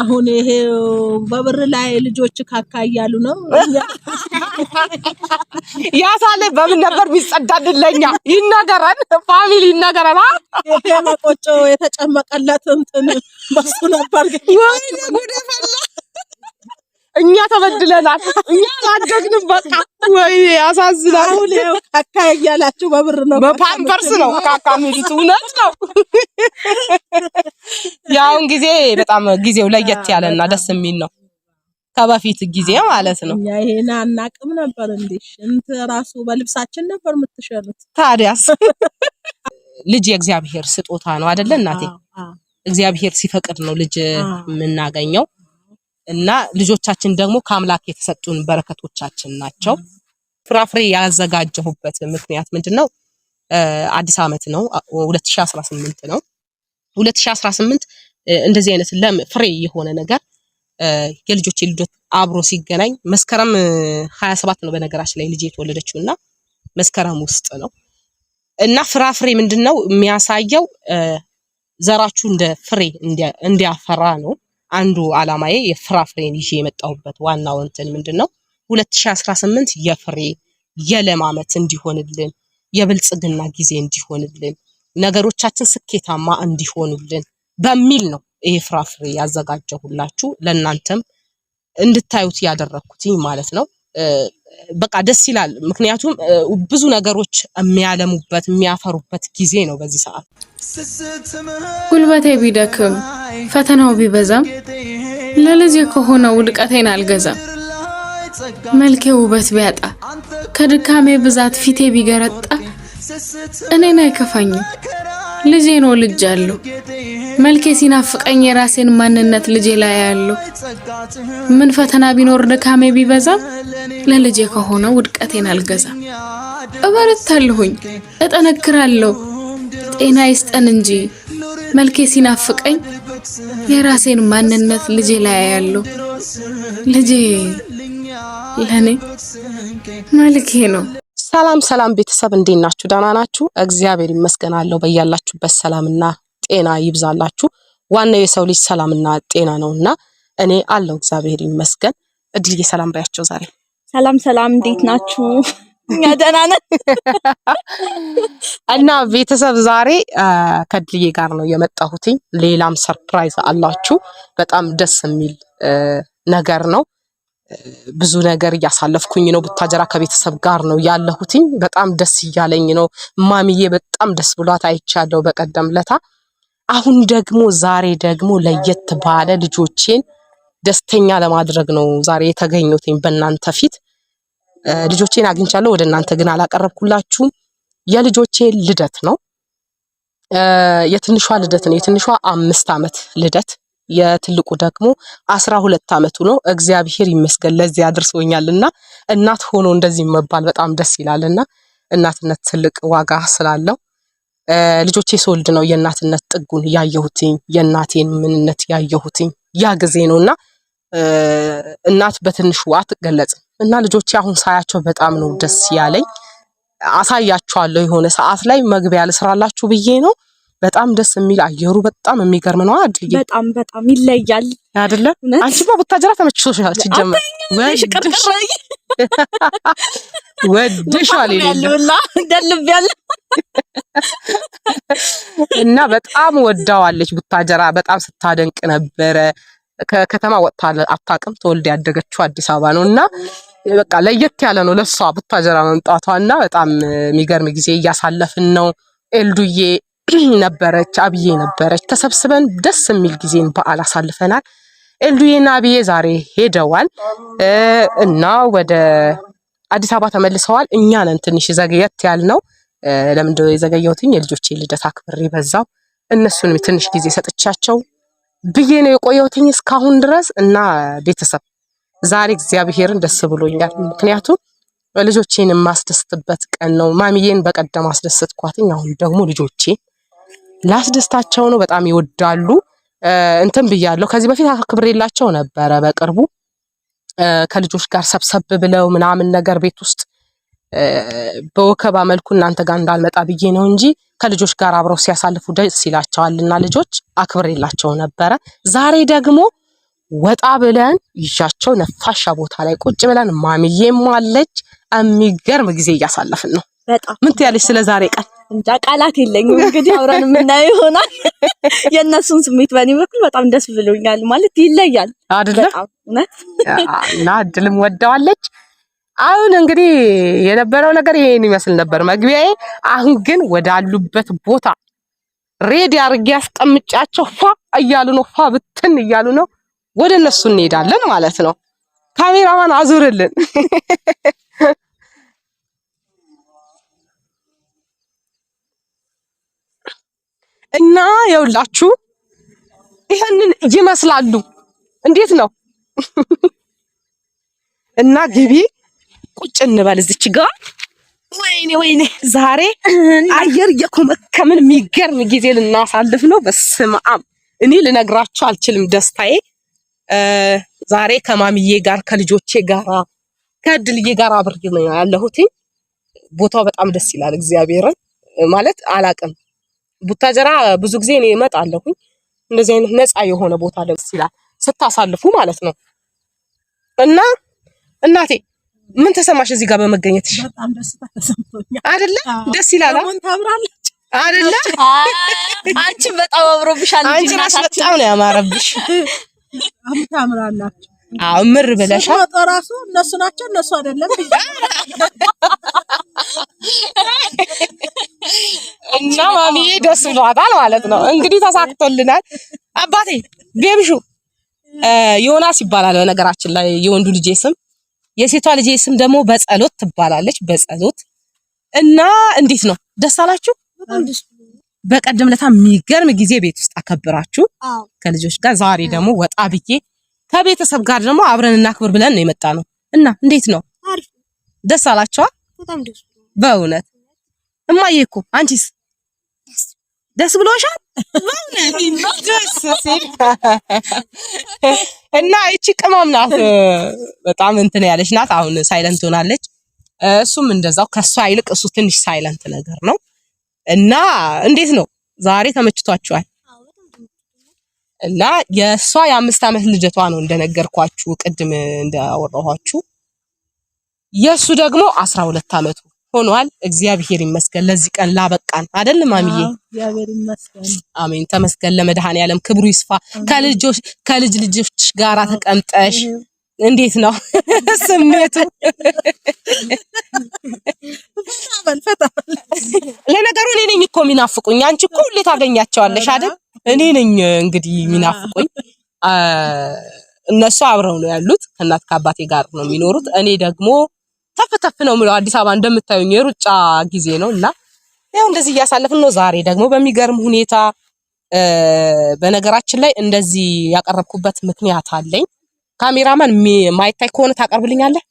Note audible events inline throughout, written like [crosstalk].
አሁን ይሄ በብር ላይ ልጆች ካካ እያሉ ነው። ያሳለ በምን ነበር ቢጸዳልን? ለኛ ይነገረን፣ ፋሚሊ ይነገረን። ይሄ መቆጮ የተጨመቀለት እንትን በሱ ነበር ግን እኛ ተበድለናል። እኛ አላደግንም። በቃ ወይ ያሳዝናል። ካካ እያላችሁ በብር ነው በፓምፐርስ ነው ካካ የሚሉት እውነት ነው። የአሁን ጊዜ በጣም ጊዜው ለየት ያለና ደስ የሚል ነው ከበፊት ጊዜ ማለት ነው። ይሄን አናቅም ነበር እንዴ! ሽንት ራሱ በልብሳችን ነበር የምትሸኑት። ታዲያስ ልጅ የእግዚአብሔር ስጦታ ነው አይደለ እናቴ? እግዚአብሔር ሲፈቅድ ነው ልጅ የምናገኘው። እና ልጆቻችን ደግሞ ከአምላክ የተሰጡን በረከቶቻችን ናቸው። ፍራፍሬ ያዘጋጀሁበት ምክንያት ምንድን ነው? አዲስ ዓመት ነው፣ 2018 ነው። 2018 እንደዚህ አይነት ለም ፍሬ የሆነ ነገር የልጆች ልደት አብሮ ሲገናኝ መስከረም 27 ነው በነገራችን ላይ ልጅ የተወለደችው እና መስከረም ውስጥ ነው እና ፍራፍሬ ምንድን ነው የሚያሳየው ዘራችሁ እንደ ፍሬ እንዲያፈራ ነው። አንዱ አላማዬ የፍራፍሬን ይዤ የመጣሁበት ዋናው እንትን ምንድን ነው 2018 የፍሬ የለማመት እንዲሆንልን የብልጽግና ጊዜ እንዲሆንልን ነገሮቻችን ስኬታማ እንዲሆኑልን በሚል ነው ይሄ ፍራፍሬ ያዘጋጀሁላችሁ ለእናንተም እንድታዩት ያደረግኩትኝ ማለት ነው። በቃ ደስ ይላል። ምክንያቱም ብዙ ነገሮች የሚያለሙበት የሚያፈሩበት ጊዜ ነው በዚህ ሰዓት። ጉልበቴ ቢደክም ፈተናው ቢበዛም ለልጄ ከሆነ ውድቀቴን አልገዛም። መልኬ ውበት ቢያጣ ከድካሜ ብዛት ፊቴ ቢገረጣ እኔን አይከፋኝም። ልጄ ነው ልጅ አለው። መልኬ ሲናፍቀኝ የራሴን ማንነት ልጄ ላይ ያለው ምን ፈተና ቢኖር ድካሜ ቢበዛም ለልጄ ከሆነ ውድቀቴን አልገዛም። እበረታለሁኝ፣ እጠነክራለሁ። ጤና ይስጠን እንጂ መልኬ ሲናፍቀኝ የራሴን ማንነት ልጄ ላይ ያለው ልጄ ለኔ መልኬ ነው። ሰላም ሰላም ቤተሰብ እንዴት ናችሁ? ደህና ናችሁ? እግዚአብሔር ይመስገናለሁ። በያላችሁበት ሰላምና ጤና ይብዛላችሁ። ዋናው የሰው ልጅ ሰላምና ጤና ነውና እኔ አለው እግዚአብሔር ይመስገን። እድል ሰላም ባያቸው ዛሬ ሰላም ሰላም፣ እንዴት ናችሁ? እኛ ደህና ነን። [laughs] እና ቤተሰብ ዛሬ ከእድልዬ ጋር ነው የመጣሁትኝ። ሌላም ሰርፕራይዝ አላችሁ። በጣም ደስ የሚል ነገር ነው ብዙ ነገር እያሳለፍኩኝ ነው። ቡታጀራ ከቤተሰብ ጋር ነው ያለሁትኝ። በጣም ደስ እያለኝ ነው። ማሚዬ በጣም ደስ ብሏት አይቻለሁ በቀደም ለታ። አሁን ደግሞ ዛሬ ደግሞ ለየት ባለ ልጆቼን ደስተኛ ለማድረግ ነው ዛሬ የተገኘሁትኝ በእናንተ ፊት። ልጆቼን አግኝቻለሁ፣ ወደ እናንተ ግን አላቀረብኩላችሁም። የልጆቼ ልደት ነው። የትንሿ ልደት ነው። የትንሿ አምስት ዓመት ልደት የትልቁ ደግሞ አስራ ሁለት አመቱ ነው። እግዚአብሔር ይመስገን ለዚህ አድርሶኛል እና እናት ሆኖ እንደዚህ መባል በጣም ደስ ይላል እና እናትነት ትልቅ ዋጋ ስላለው ልጆቼ ስወልድ ነው የእናትነት ጥጉን ያየሁትኝ የእናቴን ምንነት ያየሁትኝ ያ ጊዜ ነው እና እናት በትንሹ አትገለጽም እና ልጆቼ አሁን ሳያቸው በጣም ነው ደስ ያለኝ። አሳያቸዋለሁ የሆነ ሰዓት ላይ መግቢያ ልስራላችሁ ብዬ ነው በጣም ደስ የሚል አየሩ በጣም የሚገርም ነው። አድርጌ በጣም በጣም ይለያል አይደለ? አንቺማ ቡታጀራ ተመችቶሻል። ሲጀመር ወድሻል ደልቤያለሁ እና በጣም ወዳዋለች። ቡታጀራ በጣም ስታደንቅ ነበረ። ከከተማ ወጥታ አታውቅም። ተወልዳ ያደገችው አዲስ አበባ ነው እና በቃ ለየት ያለ ነው ለሷ ቡታጀራ መምጣቷ እና በጣም የሚገርም ጊዜ እያሳለፍን ነው ኤልዱዬ [clears throat] ነበረች፣ አብዬ ነበረች። ተሰብስበን ደስ የሚል ጊዜን በዓል አሳልፈናል። ኤልዱዬና አብዬ ዛሬ ሄደዋል እና ወደ አዲስ አበባ ተመልሰዋል። እኛ ነን ትንሽ ዘግየት ነው። ለምንድነው የዘገየሁትኝ? የልጆቼ ልደት አክብሬ በዛው እነሱንም ትንሽ ጊዜ ሰጥቻቸው ብዬ ነው የቆየሁትኝ እስካሁን ድረስ እና ቤተሰብ ዛሬ እግዚአብሔርን ደስ ብሎኛል። ምክንያቱም ልጆቼን የማስደስትበት ቀን ነው። ማሚዬን በቀደም አስደስትኳትኝ። አሁን ደግሞ ልጆቼ ላስደስታቸው ነው። በጣም ይወዳሉ። እንትን ብያለሁ። ከዚህ በፊት አክብሬላቸው ነበረ። በቅርቡ ከልጆች ጋር ሰብሰብ ብለው ምናምን ነገር ቤት ውስጥ በወከባ መልኩ እናንተ ጋር እንዳልመጣ ብዬ ነው እንጂ ከልጆች ጋር አብረው ሲያሳልፉ ደስ ይላቸዋልና ልጆች አክብሬላቸው ነበረ። ዛሬ ደግሞ ወጣ ብለን ይዣቸው ነፋሻ ቦታ ላይ ቁጭ ብለን ማሚዬም አለች። የሚገርም ጊዜ እያሳለፍን ነው። ምን ትያለች ስለ ዛሬ ቀን? እንጃ ቃላት የለኝም። እንግዲህ አብረን የምናየው ይሆናል። [laughs] የእነሱን ስሜት በእኔ በኩል በጣም ደስ ብሎኛል። ማለት ይለያል አይደለም እና እድልም ወደዋለች። አሁን እንግዲህ የነበረው ነገር ይሄን ይመስል ነበር መግቢያዬ። አሁን ግን ወዳሉበት ቦታ ሬዲ አድርጌ ያስቀምጫቸው ፋ እያሉ ነው፣ ፋ ብትን እያሉ ነው። ወደ እነሱ እንሄዳለን ማለት ነው። ካሜራማን አዙርልን። [laughs] እና የውላችሁ ይሄንን ይመስላሉ። እንዴት ነው [laughs] እና ግቢ ቁጭ እንበል እዚች ጋ። ወይኔ ወይኔ ዛሬ አየር የኮመከምን የሚገርም ጊዜ ልናሳልፍ ነው። በስመ አብ እኔ ልነግራችሁ አልችልም ደስታዬ። ዛሬ ከማሚዬ ጋር ከልጆቼ ጋራ ከእድልዬ ጋር አብሬ ነው ያለሁት። ቦታው በጣም ደስ ይላል። እግዚአብሔርን ማለት አላቅም ቡታጀራ ብዙ ጊዜ እኔ እመጣለሁኝ። እንደዚህ አይነት ነፃ የሆነ ቦታ ደስ ይላል ስታሳልፉ ማለት ነው። እና እናቴ ምን ተሰማሽ እዚህ ጋር በመገኘትሽ? አይደለ ደስ ይላል አይደለ? አንቺ በጣም አምሮብሻል። አንቺ ራስ በጣም ነው ያማረብሽ። አምታምራላችሁ። አምር ብለሻል። ራሱ እነሱ ናቸው እነሱ አይደለም እና ማሚዬ ደስ ብሏታል ማለት ነው። እንግዲህ ተሳክቶልናል። አባቴ ቤብሹ ዮናስ ይባላል። በነገራችን ላይ የወንዱ ልጄ ስም፣ የሴቷ ልጄ ስም ደግሞ በጸሎት ትባላለች። በጸሎት እና እንዴት ነው ደስ አላችሁ? በቀደም ለታ የሚገርም ጊዜ ቤት ውስጥ አከብራችሁ ከልጆች ጋር፣ ዛሬ ደግሞ ወጣ ብዬ ከቤተሰብ ጋር ደግሞ አብረን እናክብር ብለን ነው የመጣ ነው እና እንዴት ነው ደስ አላችኋል? በእውነት እማዬ እኮ አንቺስ ደስ ብሎሻል [laughs] እና እቺ ቅመም ናት። በጣም እንትን ያለች ናት። አሁን ሳይለንት ሆናለች። እሱም እንደዛው ከሷ ይልቅ እሱ ትንሽ ሳይለንት ነገር ነው። እና እንዴት ነው ዛሬ ተመችቷችኋል? እና የእሷ የአምስት ዓመት ልደቷ ነው እንደነገርኳችሁ ቅድም እንዳወራኋችሁ የእሱ ደግሞ አስራ ሁለት ዓመቱ ሆኗል። እግዚአብሔር ይመስገን ለዚህ ቀን ላበቃን አይደል ማሚዬ? እግዚአብሔር ይመስገን። አሜን። ተመስገን ለመድኃኔ ዓለም ክብሩ ይስፋ። ከልጆች ከልጅ ልጆች ጋራ ተቀምጠሽ እንዴት ነው ስሜቱ? ለነገሩ እኔ ነኝ እኮ የሚናፍቁኝ። አንቺ እኮ ሁሌ ታገኛቸዋለሽ አይደል? እኔ ነኝ እንግዲህ የሚናፍቁኝ። እነሱ አብረው ነው ያሉት፣ ከእናት ከአባቴ ጋር ነው የሚኖሩት። እኔ ደግሞ ተፍ ተፍ ነው የምለው። አዲስ አበባ እንደምታዩኝ የሩጫ ጊዜ ነው እና ያው እንደዚህ እያሳለፍን ነው። ዛሬ ደግሞ በሚገርም ሁኔታ በነገራችን ላይ እንደዚህ ያቀረብኩበት ምክንያት አለኝ። ካሜራማን ማይታይ ከሆነ ታቀርብልኛለህ?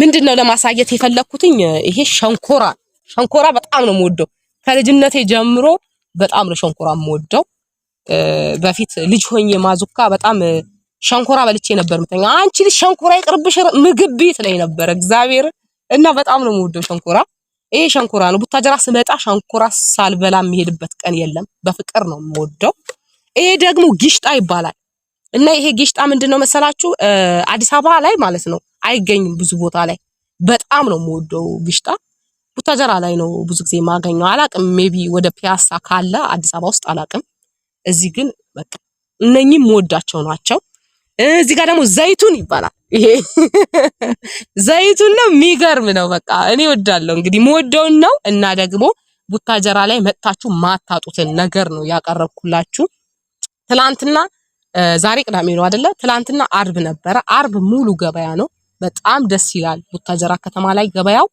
ምንድን ነው ለማሳየት የፈለግኩትኝ ይሄ ሸንኮራ ሸንኮራ በጣም ነው የምወደው። ከልጅነቴ ጀምሮ በጣም ነው ሸንኮራ የምወደው። በፊት ልጅ ሆኜ ማዙካ በጣም ሸንኮራ በልቼ ነበር ምተኛ። አንቺ ልጅ ሸንኮራ ይቅርብሽ ምግብ ቤት ላይ ነበር እግዚአብሔር እና በጣም ነው የምወደው ሸንኮራ። ይሄ ሸንኮራ ነው። ቡታጀራ ስመጣ ሸንኮራ ሳልበላ የሚሄድበት ቀን የለም። በፍቅር ነው የምወደው። ይሄ ደግሞ ጊሽጣ ይባላል እና ይሄ ጊሽጣ ምንድን ነው መሰላችሁ? አዲስ አበባ ላይ ማለት ነው አይገኝም ብዙ ቦታ ላይ። በጣም ነው የምወደው ጊሽጣ። ቡታጀራ ላይ ነው ብዙ ጊዜ የማገኘው። አላቅም ሜቢ ወደ ፒያሳ ካለ አዲስ አበባ ውስጥ አላቅም። እዚህ ግን በቃ እነኚህም የምወዳቸው ናቸው። እዚህ ጋር ደግሞ ዘይቱን ይባላል። ይሄ [laughs] ዘይቱን ነው፣ የሚገርም ነው። በቃ እኔ ወዳለሁ እንግዲህ መወደውን ነው እና ደግሞ ቡታጀራ ላይ መጥታችሁ ማታጡትን ነገር ነው ያቀረብኩላችሁ። ትላንትና ዛሬ ቅዳሜ ነው አደለ? ትላንትና አርብ ነበረ። አርብ ሙሉ ገበያ ነው። በጣም ደስ ይላል ቡታጀራ ከተማ ላይ ገበያው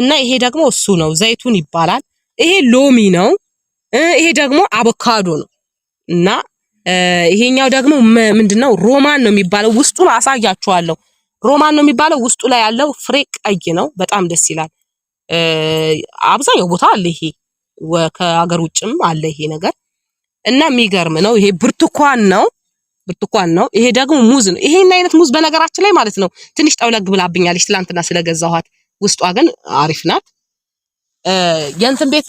እና ይሄ ደግሞ እሱ ነው፣ ዘይቱን ይባላል። ይሄ ሎሚ ነው። ይሄ ደግሞ አቮካዶ ነው እና ይሄኛው ደግሞ ምንድነው? ሮማን ነው የሚባለው። ውስጡን አሳያችኋለሁ። ሮማን ነው የሚባለው። ውስጡ ላይ ያለው ፍሬ ቀይ ነው። በጣም ደስ ይላል። አብዛኛው ቦታ አለ ይሄ ከሀገር ውጭም አለ ይሄ ነገር እና የሚገርም ነው። ይሄ ብርቱካን ነው ብርቱካን ነው። ይሄ ደግሞ ሙዝ ነው። ይሄን አይነት ሙዝ በነገራችን ላይ ማለት ነው ትንሽ ጠውለግ ብላብኛለች ትላንትና ስለገዛኋት። ውስጧ ግን አሪፍ ናት። የእንትን ቤት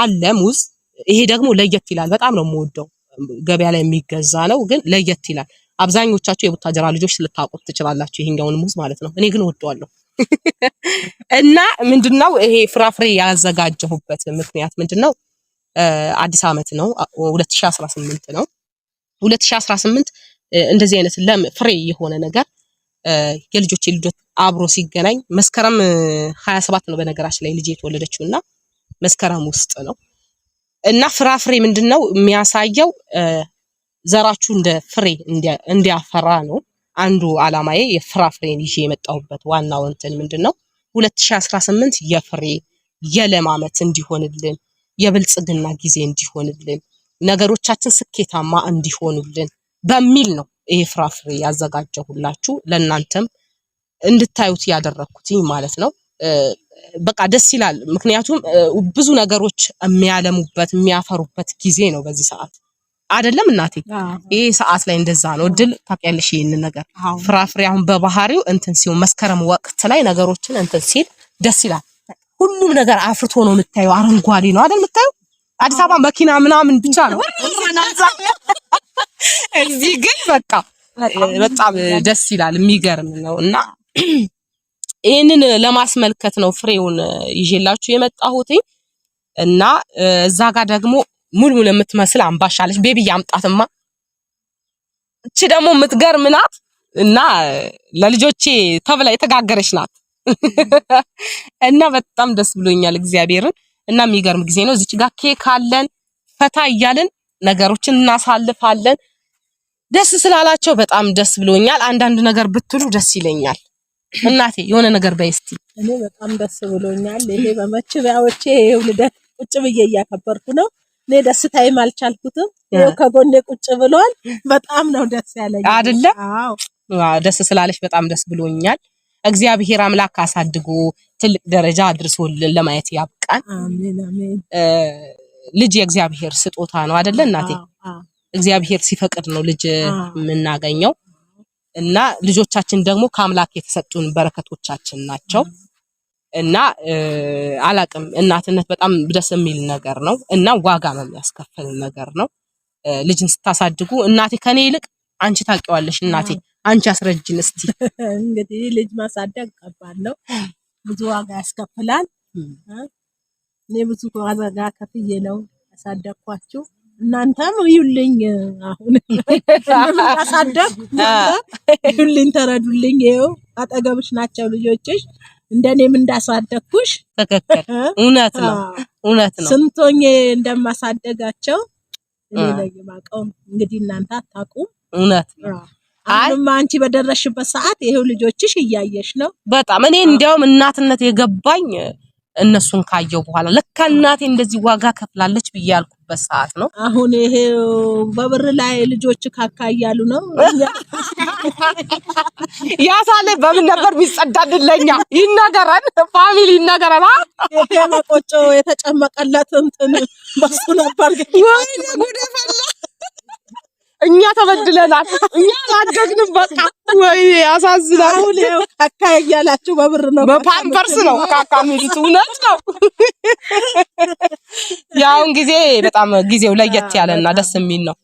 አለ ሙዝ። ይሄ ደግሞ ለየት ይላል። በጣም ነው የምወደው። ገበያ ላይ የሚገዛ ነው፣ ግን ለየት ይላል። አብዛኞቻችሁ የቡታጀራ ልጆች ልታውቁት ትችላላችሁ ይሄኛውን ሙዝ ማለት ነው። እኔ ግን ወደዋለሁ። [laughs] እና ምንድነው ይሄ ፍራፍሬ ያዘጋጀሁበት ምክንያት ምንድነው? አዲስ ዓመት ነው 2018 ነው 2018 እንደዚህ አይነት ለም ፍሬ የሆነ ነገር የልጆች ልጆች አብሮ ሲገናኝ መስከረም 27 ነው በነገራችን ላይ ልጅ የተወለደችው እና መስከረም ውስጥ ነው እና ፍራፍሬ ምንድን ነው የሚያሳየው ዘራችሁ እንደ ፍሬ እንዲያፈራ ነው። አንዱ አላማዬ የፍራፍሬን ይዤ የመጣሁበት ዋናው እንትን ምንድን ነው 2018 የፍሬ የለም ዓመት እንዲሆንልን የብልጽግና ጊዜ እንዲሆንልን ነገሮቻችን ስኬታማ እንዲሆኑልን በሚል ነው ይሄ ፍራፍሬ ያዘጋጀሁላችሁ ለእናንተም እንድታዩት ያደረግኩትኝ ማለት ነው። በቃ ደስ ይላል። ምክንያቱም ብዙ ነገሮች የሚያለሙበት የሚያፈሩበት ጊዜ ነው በዚህ ሰዓት አይደለም እናቴ? ይሄ ሰዓት ላይ እንደዛ ነው። እድል ታውቂያለሽ፣ ይህንን ነገር ፍራፍሬ አሁን በባህሪው እንትን ሲሆን መስከረም ወቅት ላይ ነገሮችን እንትን ሲል ደስ ይላል። ሁሉም ነገር አፍርቶ ነው የምታየው። አረንጓዴ ነው አይደል የምታየው? አዲስ አበባ መኪና ምናምን ብቻ ነው። እዚህ ግን በቃ በጣም ደስ ይላል፣ የሚገርም ነው እና ይህንን ለማስመልከት ነው ፍሬውን ይዤላችሁ የመጣሁትኝ እና እዛ ጋር ደግሞ ሙልሙል የምትመስል አምባሻለች ቤቢ ያምጣትማ። እቺ ደግሞ የምትገርም ናት እና ለልጆቼ ተብላ የተጋገረች ናት [laughs] እና በጣም ደስ ብሎኛል እግዚአብሔርን እና የሚገርም ጊዜ ነው። እዚች ጋር ኬክ አለን። ፈታ እያልን ነገሮችን እናሳልፋለን። ደስ ስላላቸው በጣም ደስ ብሎኛል። አንዳንድ ነገር ብትሉ ደስ ይለኛል። እናቴ የሆነ ነገር በይ እኔ በጣም ደስ ብሎኛል። ይሄ በመችቢያዎቼ ይሄው ልደት ቁጭ ብዬ እያከበርኩ ነው። እኔ ደስታዬም አልቻልኩትም። ይሄው ከጎኔ ቁጭ ብሏል። በጣም ነው ደስ ያለኝ አይደለ? አዎ፣ ደስ ስላለሽ በጣም ደስ ብሎኛል። እግዚአብሔር አምላክ አሳድጎ ትልቅ ደረጃ አድርሶልን ለማየት ያብቃን። አሜን አሜን። ልጅ የእግዚአብሔር ስጦታ ነው አይደለ እናቴ? እግዚአብሔር ሲፈቅድ ነው ልጅ የምናገኘው። እና ልጆቻችን ደግሞ ከአምላክ የተሰጡን በረከቶቻችን ናቸው። እና አላቅም እናትነት በጣም ደስ የሚል ነገር ነው እና ዋጋ የሚያስከፍል ነገር ነው። ልጅን ስታሳድጉ እናቴ ከኔ ይልቅ አንቺ ታውቂዋለሽ፣ እናቴ አንቺ አስረጅን እስቲ። [laughs] እንግዲህ ልጅ ማሳደግ ከባድ ነው፣ ብዙ ዋጋ ያስከፍላል። እኔ ብዙ ዋጋ ከፍዬ ነው ያሳደግኳችሁ። እናንተም እዩልኝ፣ አሁን አሳደግ እዩልኝ፣ ተረዱልኝ። ይኸው አጠገብሽ ናቸው ልጆችሽ፣ እንደኔም እንዳሳደግኩሽ። ትክክል፣ እውነት ነው፣ እውነት ነው። ስንቶኜ እንደማሳደጋቸው እኔ ላይ የማውቀው እንግዲህ እናንተ አታውቁም። እውነት አሁንም አንቺ በደረሽበት ሰዓት ይሄው ልጆችሽ እያየሽ ነው። በጣም እኔ እንዲያውም እናትነት የገባኝ እነሱን ካየው በኋላ ለካ እናቴ እንደዚህ ዋጋ ከፍላለች ብያልኩ የሚያደርጉበት ሰዓት ነው። አሁን ይሄ በብር ላይ ልጆች ካካ እያሉ ነው። ያሳለ በምን ነበር የሚጸዳልን? ለኛ ይነገረን፣ ፋሚሊ ይነገረን። ይሄ መቆጮ የተጨመቀለት እንትን በሱ ነበር ግን ጉድ ፈላ እኛ ተበድለናል። እኛ አላደግንም። በቃ ወይ ያሳዝናል። ካካ እያላችሁ በብር ነው በፓምፐርስ ነው ካካ የሚሉት እውነት ነው። ያውን ጊዜ በጣም ጊዜው ለየት ያለና ደስ የሚል ነው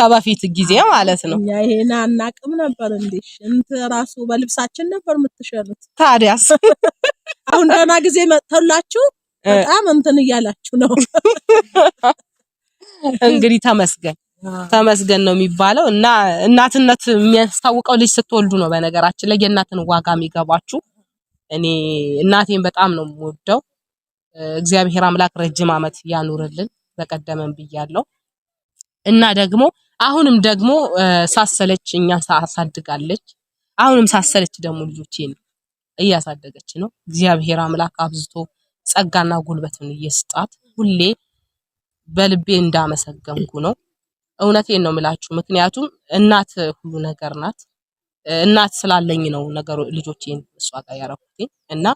ከበፊት ጊዜ ማለት ነው። ይሄን አናቅም ነበር እንዴ! ሽንት ራሱ በልብሳችን ነበር ምትሸርት ታዲያስ አሁን ደህና ጊዜ መጥቶላችሁ በጣም እንትን እያላችሁ ነው እንግዲህ ተመስገን። ተመስገን ነው የሚባለው እና እናትነት የሚያስታውቀው ልጅ ስትወልዱ ነው። በነገራችን ላይ የእናትን ዋጋ የሚገባችሁ። እኔ እናቴን በጣም ነው የምወደው። እግዚአብሔር አምላክ ረጅም ዓመት ያኑርልን። በቀደመን ብያለው እና ደግሞ አሁንም ደግሞ ሳሰለች እኛን ሳሳድጋለች። አሁንም ሳሰለች ደግሞ ልጆቼን እያሳደገች ነው። እግዚአብሔር አምላክ አብዝቶ ጸጋና ጉልበትን እየስጣት ሁሌ በልቤ እንዳመሰገንኩ ነው። እውነቴን ነው የምላችሁ። ምክንያቱም እናት ሁሉ ነገር ናት። እናት ስላለኝ ነው ነገሩ ልጆቼን እሷ ጋር ያረኩትኝ እና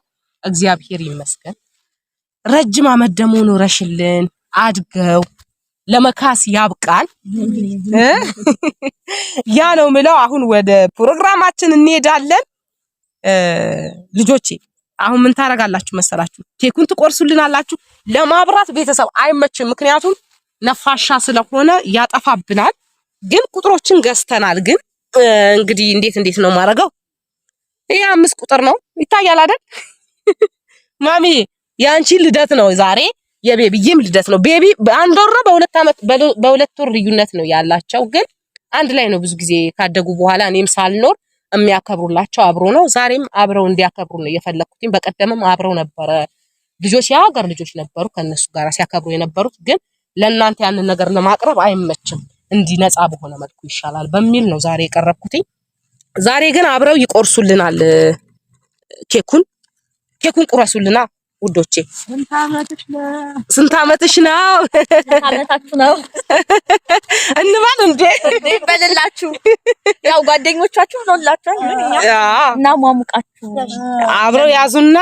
እግዚአብሔር ይመስገን። ረጅም አመት ደግሞ ኑረሽልን አድገው ለመካስ ያብቃል። ያ ነው ምለው። አሁን ወደ ፕሮግራማችን እንሄዳለን። ልጆቼ አሁን ምን ታደርጋላችሁ መሰላችሁ? ኬኩን ትቆርሱልናላችሁ። ለማብራት ቤተሰብ አይመችም፣ ምክንያቱም ነፋሻ ስለሆነ ያጠፋብናል። ግን ቁጥሮችን ገዝተናል። ግን እንግዲህ እንዴት እንዴት ነው ማድረገው? ይሄ አምስት ቁጥር ነው ይታያል አይደል? [laughs] ማሚ የአንቺ ልደት ነው ዛሬ፣ የቤቢዬም ልደት ነው። ቤቢ በአንድ ወር ነው በሁለት ዓመት በሁለት ወር ልዩነት ነው ያላቸው። ግን አንድ ላይ ነው ብዙ ጊዜ ካደጉ በኋላ እኔም ሳልኖር የሚያከብሩላቸው አብሮ ነው። ዛሬም አብረው እንዲያከብሩ ነው የፈለኩትኝ። በቀደምም አብረው ነበረ ልጆች የሀገር ልጆች ነበሩ ከእነሱ ጋር ሲያከብሩ የነበሩት ግን ለእናንተ ያንን ነገር ለማቅረብ አይመችም። እንዲህ ነፃ በሆነ መልኩ ይሻላል በሚል ነው ዛሬ የቀረብኩትኝ። ዛሬ ግን አብረው ይቆርሱልናል ኬኩን ኬኩን ቁረሱልና ውዶቼ ስንት አመትሽ ነው ነው [laughs] እንበል እንዴ? ይበልላችሁ። ያው ጓደኞቻችሁ ነው ላችሁ እና ማሙቃችሁ አብረው ያዙና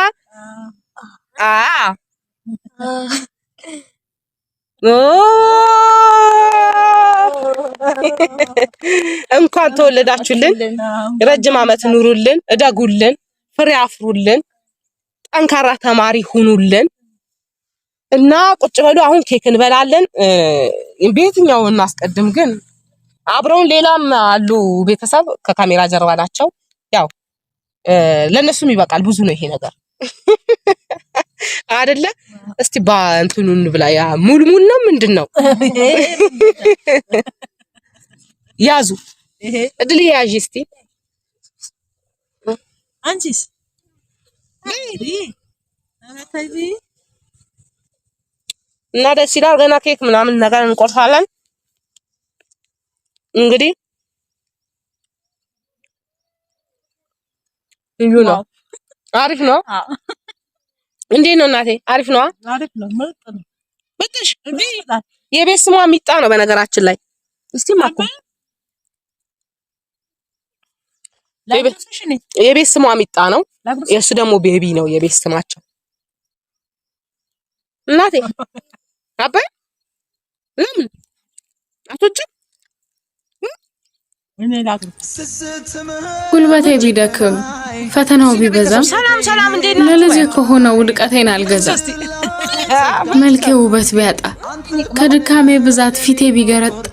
አ እንኳን ተወለዳችሁልን። ረጅም ዓመት ኑሩልን፣ እደጉልን፣ ፍሬ አፍሩልን፣ ጠንካራ ተማሪ ሁኑልን እና ቁጭ በሉ። አሁን ኬክ እንበላለን። በየትኛው እናስቀድም ግን? አብረውን ሌላም አሉ ቤተሰብ ከካሜራ ጀርባ ናቸው። ያው ለእነሱም ይበቃል። ብዙ ነው ይሄ ነገር። አደለ? እስቲ በእንትኑ ብላ ያ ሙልሙል ነው ምንድን ነው? [laughs] ያዙ እድል ያዥ እስቲ አንቺስ እና ደስ ይላል። ገና ኬክ ምናምን ነገር እንቆርሳለን። እንግዲህ እዩ ነው፣ አሪፍ ነው። እንዴት ነው እናቴ? አሪፍ ነው። አሪፍ ነው። ምርጥ ነው። እንዴ የቤት ስሟ ሚጣ ነው በነገራችን ላይ። እስቲ ማኩ የቤት ስሟ ሚጣ ነው። የእሱ ደግሞ ቤቢ ነው የቤት ስማቸው። እናቴ አባይ ለምን አትወጭም? ጉልበቴ ቢደክም ፈተናው ቢበዛም ለልጄ ከሆነ ውድቀቴን አልገዛም። መልኬ ውበት ቢያጣ ከድካሜ ብዛት ፊቴ ቢገረጣ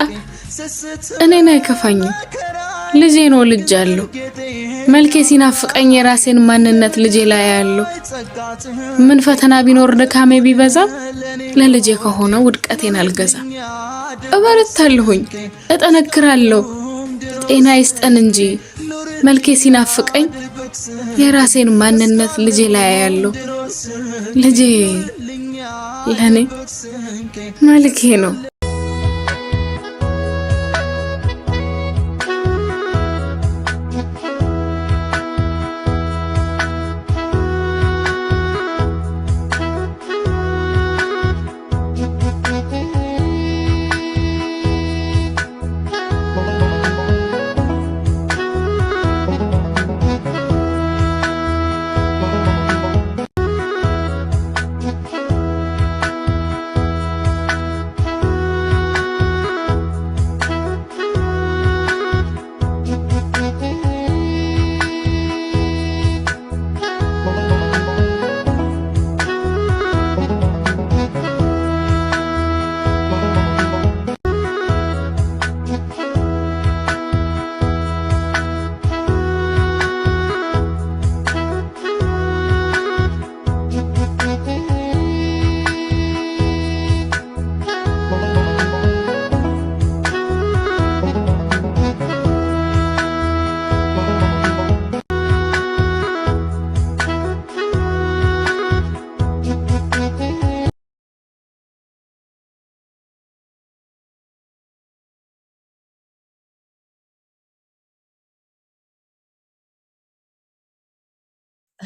እኔን አይከፋኝም። ልጄ ነው ልጅ አለው። መልኬ ሲናፍቀኝ የራሴን ማንነት ልጄ ላይ ያለው ምን ፈተና ቢኖር ድካሜ ቢበዛም ለልጄ ከሆነ ውድቀቴን አልገዛም። እበረታለሁኝ፣ እጠነክራለሁ። ጤና ይስጠን እንጂ መልኬ ሲናፍቀኝ የራሴን ማንነት ልጄ ላይ ያለው ልጄ ለኔ መልኬ ነው።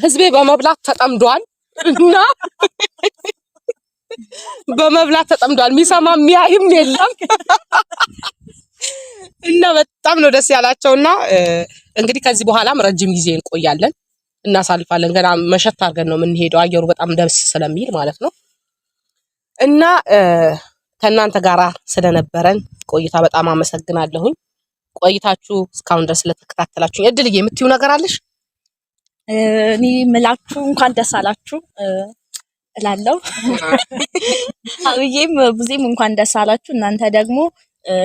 ህዝቤ በመብላት ተጠምዷል እና በመብላት ተጠምዷል። የሚሰማ የሚያይም የለም እና በጣም ነው ደስ ያላቸው። እና እንግዲህ ከዚህ በኋላም ረጅም ጊዜ እንቆያለን፣ እናሳልፋለን። ገና መሸት አድርገን ነው የምንሄደው፣ አየሩ በጣም ደስ ስለሚል ማለት ነው። እና ከእናንተ ጋራ ስለነበረን ቆይታ በጣም አመሰግናለሁኝ። ቆይታችሁ እስካሁን ድረስ ስለተከታተላችሁኝ። እድልዬ የምትዩ ነገር አለሽ? እኔ ምላችሁ እንኳን ደስ አላችሁ እላለሁ። አብዬም ብዙም እንኳን ደስ አላችሁ። እናንተ ደግሞ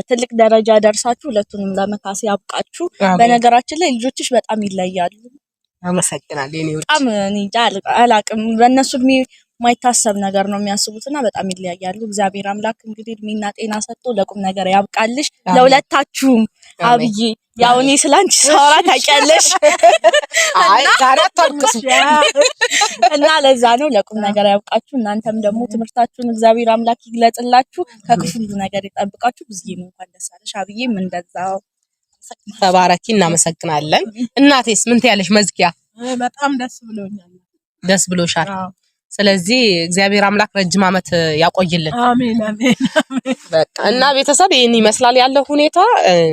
ትልቅ ደረጃ ደርሳችሁ ሁለቱንም ለመካሴ ያብቃችሁ። በነገራችን ላይ ልጆችሽ በጣም ይለያሉ። አመሰግናለሁ። እኔ በጣም እኔ አላቅም በእነሱ እድሜ ማይታሰብ ነገር ነው የሚያስቡት እና በጣም ይለያያሉ። እግዚአብሔር አምላክ እንግዲህ እድሜና ጤና ሰጥቶ ለቁም ነገር ያብቃልሽ ለሁለታችሁም። አብዬ ያው እኔ ስለ አንቺ ሳወራ ታውቂያለሽ [laughs] እና ለዛ ነው ለቁም ነገር ያብቃችሁ። እናንተም ደግሞ ትምህርታችሁን እግዚአብሔር አምላክ ይግለጽላችሁ፣ ከክፉ ነገር ይጠብቃችሁ። ብዙዬ እንኳን ደስ አለሽ፣ አብዬም እንደዛው ተባረኪ። እናመሰግናለን። እናቴስ ምን ትያለሽ መዝጊያ? በጣም ደስ ብሎኛል። ደስ ብሎሻል። ስለዚህ እግዚአብሔር አምላክ ረጅም ዓመት ያቆይልን። አሜን አሜን። በቃ እና ቤተሰብ ይህን ይመስላል ያለው ሁኔታ።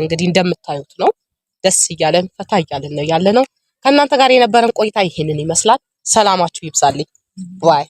እንግዲህ እንደምታዩት ነው። ደስ እያለን ፈታ እያለን ነው ያለ ነው። ከእናንተ ጋር የነበረን ቆይታ ይህንን ይመስላል። ሰላማችሁ ይብዛልኝ ባይ